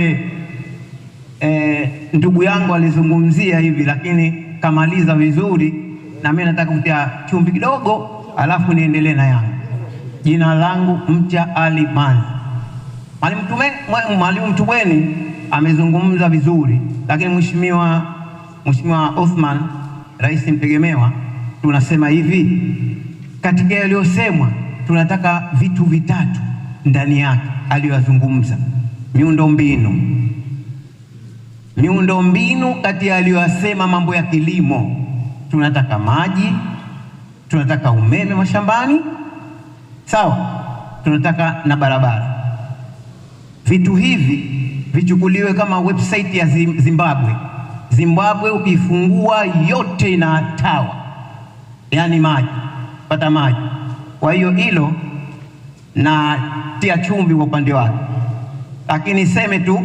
yote e, eh, ndugu yangu alizungumzia hivi, lakini kamaliza vizuri, na mimi nataka kutia chumvi kidogo, alafu niendelee na yangu. Jina langu Mcha Ali Mani. Mwalimu Mtubweni amezungumza vizuri, lakini mheshimiwa Mheshimiwa Othman, rais mtegemewa, tunasema hivi katika yaliyosemwa tunataka vitu vitatu ndani yake aliyoyazungumza miundombinu. Miundombinu kati ya aliyoyasema mambo ya kilimo, tunataka maji, tunataka umeme mashambani, sawa, tunataka na barabara. Vitu hivi vichukuliwe kama website ya Zimbabwe. Zimbabwe ukifungua yote ina tawa, yaani maji, pata maji. Kwa hiyo hilo na tia chumvi kwa upande wake. Lakini niseme tu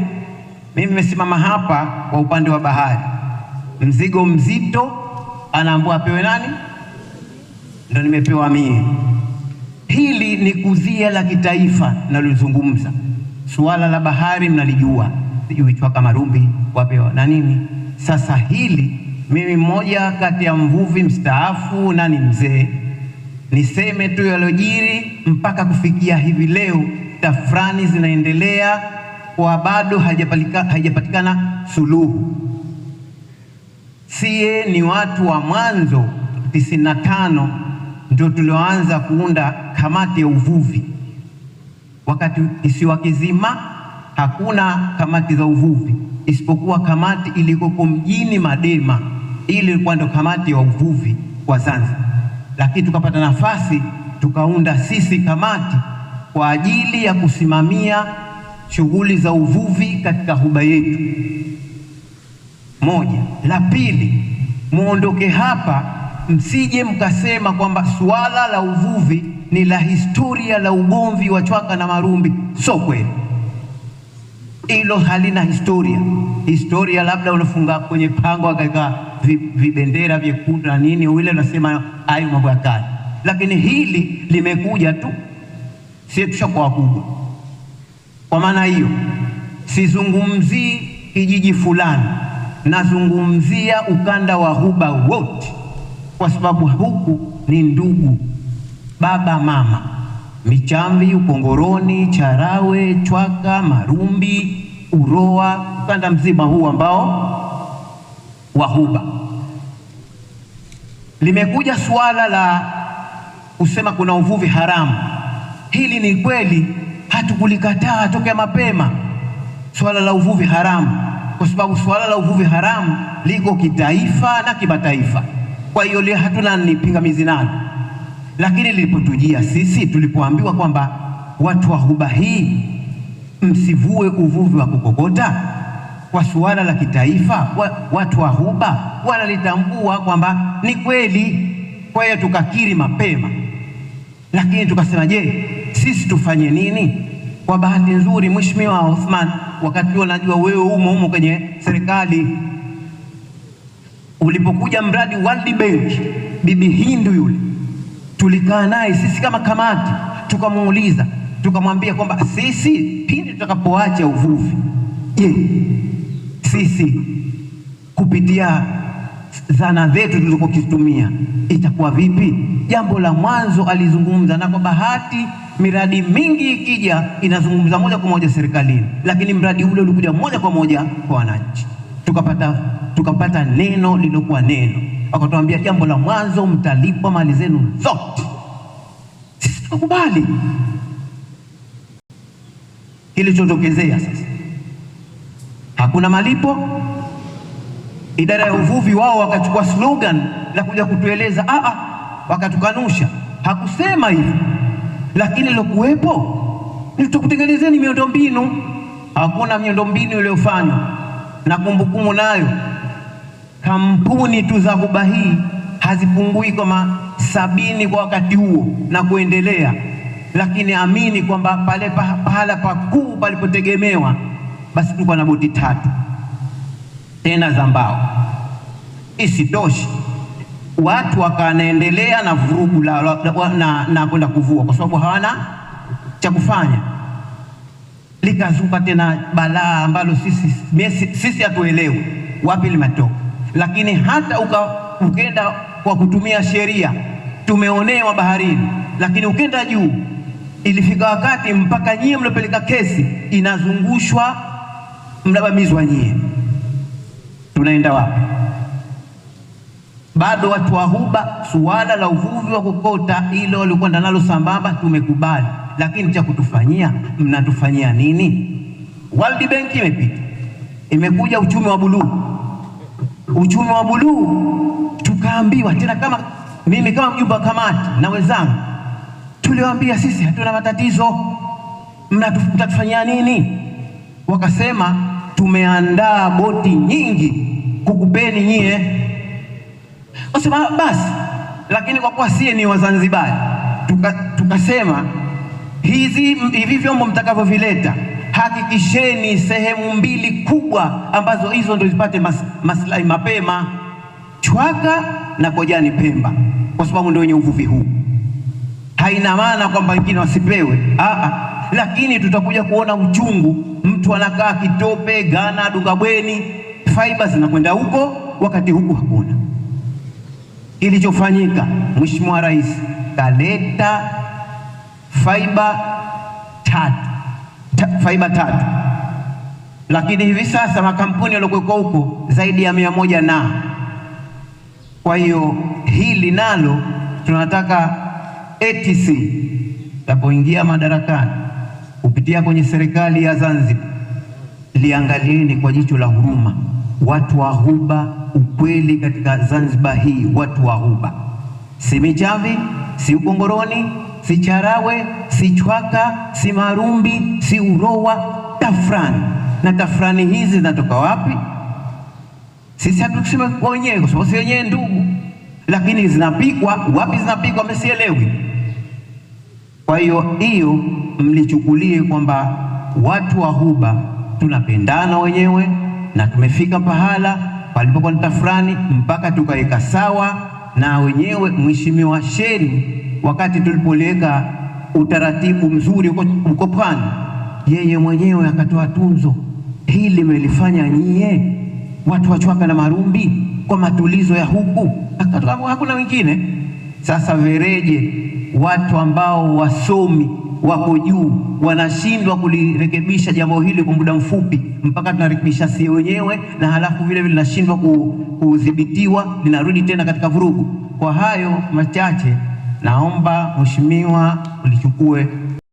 mimi nimesimama hapa kwa upande wa bahari, mzigo mzito anaambua apewe nani? Ndio nimepewa mie. Hili ni kuzia la kitaifa nalozungumza, suala la bahari mnalijua, sijui kama rumbi wapewa na nini. Sasa hili mimi mmoja kati ya mvuvi mstaafu na ni mzee, niseme tu yalojiri mpaka kufikia hivi leo, tafrani zinaendelea kwa bado haijapatikana suluhu. Sie ni watu wa mwanzo tisini tano ndio tulioanza kuunda kamati ya uvuvi, wakati kisiwa kizima hakuna kamati za uvuvi isipokuwa kamati ilikoko mjini Madema, ili ilikuwa ndio kamati ya uvuvi kwa Zanzibar, lakini tukapata nafasi tukaunda sisi kamati kwa ajili ya kusimamia shughuli za uvuvi katika huba yetu moja. La pili, muondoke hapa, msije mkasema kwamba suala la uvuvi ni la historia la ugomvi wa Chwaka na Marumbi. So kweli hilo halina historia. Historia labda unafunga kwenye pango akaweka vibendera vi vyekundu na nini, ule unasema hayo mambo ya kale, lakini hili limekuja tu, sie tushakuwa wakubwa kwa maana hiyo, sizungumzii kijiji fulani, nazungumzia ukanda wa Ghuba wote, kwa sababu huku ni ndugu, baba mama, Michamvi, Ukongoroni, Charawe, Chwaka, Marumbi, Uroa, ukanda mzima huu ambao wa Ghuba. Limekuja suala la kusema kuna uvuvi haramu. Hili ni kweli Hatukulikataa tokea mapema swala la uvuvi haramu, kwa sababu swala la uvuvi haramu liko kitaifa na kimataifa. Kwa hiyo li hatuna ni pingamizi nalo, lakini lilipotujia sisi, tulipoambiwa kwamba watu wa huba hii msivue uvuvi wa kukokota kwa suala la kitaifa, watu wa huba wanalitambua kwamba ni kweli. Kwa hiyo tukakiri mapema, lakini tukasema je sisi tufanye nini? Kwa bahati nzuri, Mheshimiwa Othman, wakati huo najua wewe umo umo kwenye serikali, ulipokuja mradi World Bank, bibi Hindu yule tulikaa naye sisi kama kamati, tukamuuliza tukamwambia kwamba sisi pindi tutakapoacha uvuvi, je, sisi kupitia zana zetu tulizokuwa itakuwa vipi? Jambo la mwanzo alizungumza, na kwa bahati Miradi mingi ikija inazungumza moja kwa moja serikalini, lakini mradi ule ulikuja moja kwa moja kwa wananchi. Tukapata, tukapata neno lilokuwa neno, wakatuambia jambo la mwanzo mtalipwa mali zenu zote. Sisi tukakubali kilichotokezea. Sasa hakuna malipo. Idara ya uvuvi wao wakachukua slogan la kuja kutueleza, a ah, a, ah, wakatukanusha, hakusema hivyo lakini lilokuwepo tukutengenezeni miundombinu. Hakuna miundombinu iliyofanywa na kumbukumbu, nayo kampuni tu za huba hii hazipungui kama sabini kwa wakati huo na kuendelea, lakini amini kwamba pale pahala pakuu palipotegemewa basi tulikuwa na boti tatu tena za mbao. Isitoshi, watu wakanaendelea na vurugu la, la, na, na kwenda kuvua kwa sababu hawana cha kufanya, likazuka tena balaa ambalo sisi mesi, sisi hatuelewi wapi limetoka, lakini hata ukenda kwa kutumia sheria tumeonewa baharini, lakini ukenda juu ilifika wakati mpaka nyie mliopeleka kesi inazungushwa mnabamizwa nyie, tunaenda wapi? bado watu wa huba, suala la uvuvi wa kukota ilo walikwenda nalo sambamba, tumekubali. Lakini cha kutufanyia, mnatufanyia nini? World Bank imepita, imekuja uchumi wa buluu. Uchumi wa buluu tukaambiwa tena, kama mimi kama mjumbe wa kamati na wenzangu tuliwaambia, sisi hatuna matatizo, mtatufanyia nini? Wakasema tumeandaa boti nyingi kukupeni nyie Wasema basi, lakini kwa kuwa sie ni Wazanzibari tukasema tuka hizi hivi vyombo mtakavyovileta hakikisheni sehemu mbili kubwa ambazo hizo ndio zipate mas, maslahi mapema, Chwaka na Kojani Pemba, kwa sababu ndio wenye uvuvi huu. Haina maana kwamba wengine wasipewe aa, lakini tutakuja kuona uchungu. Mtu anakaa Kitope, Gana, Dungabweni, faiba zinakwenda huko, wakati huku hakuna. Kilichofanyika, Mheshimiwa Rais kaleta faiba tatu ta, faiba tatu, lakini hivi sasa makampuni yaliokuwekwa huko zaidi ya mia moja na kwa hiyo hili nalo tunataka ATC tapoingia madarakani kupitia kwenye serikali ya Zanzibar liangalieni kwa jicho la huruma watu wa Ghuba ukweli katika Zanzibar hii, watu wa Ghuba, si Michavi, si ugongoroni si Charawe, si Chwaka, si Marumbi, si Urowa, tafrani. Na tafrani hizi zinatoka wapi? Sisi hatukusema wenyewe, kwa sababu si wenyewe ndugu, lakini zinapikwa wapi? Zinapikwa msielewi. Kwa hiyo hiyo mlichukulie kwamba watu wa Ghuba tunapendana wenyewe na tumefika pahala palipokuwa na tafurani mpaka tukaweka sawa na wenyewe mheshimiwa Sheni, wakati tulipoliweka utaratibu mzuri uko Pwani, yeye mwenyewe akatoa tunzo hili melifanya nyie watu wa Chwaka na Marumbi kwa matulizo ya huku, hakuna wengine. Sasa vereje watu ambao wasomi wako juu, wanashindwa kulirekebisha jambo hili kwa muda mfupi, mpaka tunarekebisha si wenyewe, na halafu vile vile linashindwa kudhibitiwa, linarudi tena katika vurugu. Kwa hayo machache, naomba mheshimiwa ulichukue